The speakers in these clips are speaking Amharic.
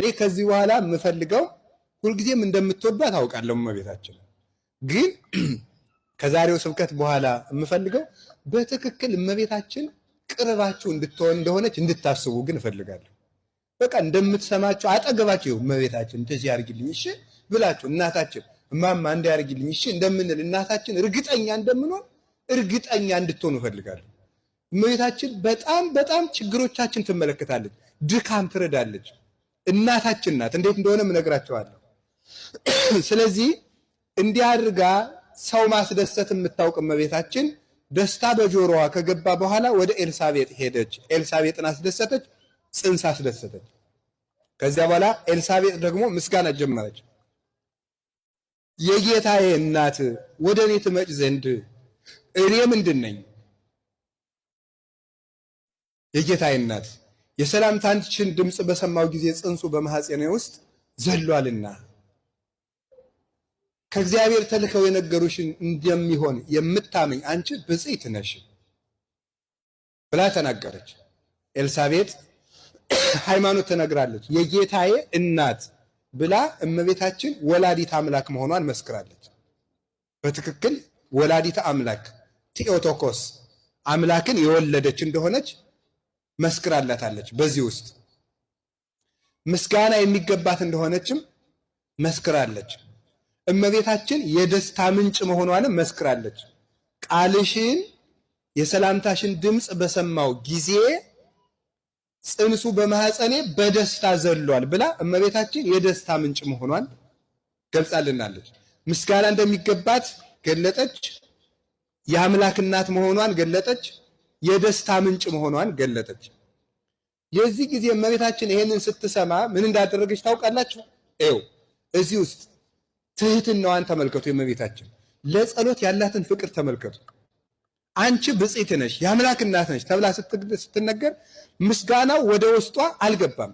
እኔ ከዚህ በኋላ የምፈልገው ሁልጊዜም እንደምትወዳ ታውቃለሁ እመቤታችን። ግን ከዛሬው ስብከት በኋላ የምፈልገው በትክክል እመቤታችን ቅርባችሁ እንድትሆን እንደሆነች እንድታስቡ ግን እፈልጋለሁ። በቃ እንደምትሰማችሁ አጠገባችሁ እመቤታችን እንደዚህ ያርግልኝ እሺ ብላችሁ እናታችን እማማ እንዲ ያርግልኝ እሺ እንደምንል እናታችን እርግጠኛ እንደምንሆን እርግጠኛ እንድትሆኑ እፈልጋለሁ። እመቤታችን በጣም በጣም ችግሮቻችን ትመለከታለች፣ ድካም ትረዳለች። እናታችን ናት። እንዴት እንደሆነም እነግራቸዋለሁ። ስለዚህ እንዲህ አድርጋ ሰው ማስደሰት የምታውቅ እመቤታችን ደስታ በጆሮዋ ከገባ በኋላ ወደ ኤልሳቤጥ ሄደች። ኤልሳቤጥን አስደሰተች፣ ጽንስ አስደሰተች። ከዚያ በኋላ ኤልሳቤጥ ደግሞ ምስጋና ጀመረች። የጌታዬ እናት ወደ እኔ ትመጭ ዘንድ እኔ ምንድን ነኝ? የጌታዬ እናት የሰላምታችን ድምፅ በሰማው ጊዜ ጽንሱ በማኅፀኔ ውስጥ ዘሏልና ከእግዚአብሔር ተልከው የነገሩሽን እንደሚሆን የምታመኝ አንቺ ብፅዕት ነሽ ብላ ተናገረች። ኤልሳቤጥ ሃይማኖት ተነግራለች። የጌታዬ እናት ብላ እመቤታችን ወላዲት አምላክ መሆኗን መስክራለች። በትክክል ወላዲት አምላክ ቲኦቶኮስ አምላክን የወለደች እንደሆነች መስክራላታለች። በዚህ ውስጥ ምስጋና የሚገባት እንደሆነችም መስክራለች። እመቤታችን የደስታ ምንጭ መሆኗንም መስክራለች። ቃልሽን የሰላምታሽን ድምፅ በሰማው ጊዜ ጽንሱ በማህፀኔ በደስታ ዘሏል ብላ እመቤታችን የደስታ ምንጭ መሆኗን ገልጻልናለች። ምስጋና እንደሚገባት ገለጠች። የአምላክ እናት መሆኗን ገለጠች። የደስታ ምንጭ መሆኗን ገለጠች። የዚህ ጊዜ እመቤታችን ይሄንን ስትሰማ ምን እንዳደረገች ታውቃላችሁ? ይኸው እዚህ ውስጥ ትህትናዋን ተመልከቱ። የእመቤታችን ለጸሎት ያላትን ፍቅር ተመልከቱ። አንቺ ብፅዕት ነሽ የአምላክ እናት ነሽ ተብላ ስትነገር ምስጋናው ወደ ውስጧ አልገባም።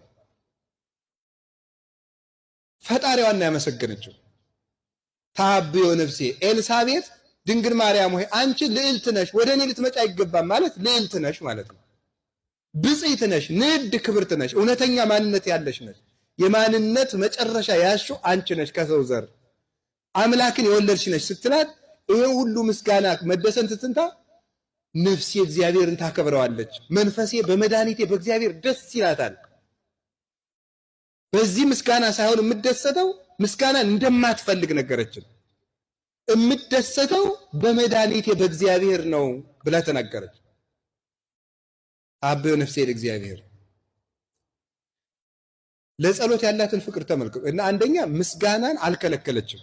ፈጣሪዋን ያመሰገነችው ታብዮ ነፍሴ ኤልሳቤት ድንግል ማርያም ሆይ አንቺ ልዕልት ነሽ፣ ወደ እኔ ልትመጪ አይገባም ማለት ልዕልት ነሽ ማለት ነው። ብጽይት ነሽ፣ ንድ ክብርት ነሽ፣ እውነተኛ ማንነት ያለሽ ነሽ። የማንነት መጨረሻ ያሹ አንቺ ነሽ፣ ከሰው ዘር አምላክን የወለድሽ ነሽ ስትላት ይሄ ሁሉ ምስጋና መደሰን ትትንታ ነፍሴ እግዚአብሔርን ታከብረዋለች፣ መንፈሴ በመድኃኒቴ በእግዚአብሔር ደስ ይላታል። በዚህ ምስጋና ሳይሆን የምደሰተው ምስጋና እንደማትፈልግ ነገረችን። የምደሰተው በመድኃኒቴ በእግዚአብሔር ነው ብላ ተናገረች። አብብ ነፍሴ ለእግዚአብሔር ለጸሎት ያላትን ፍቅር ተመልከቱ እና አንደኛ ምስጋናን አልከለከለችም።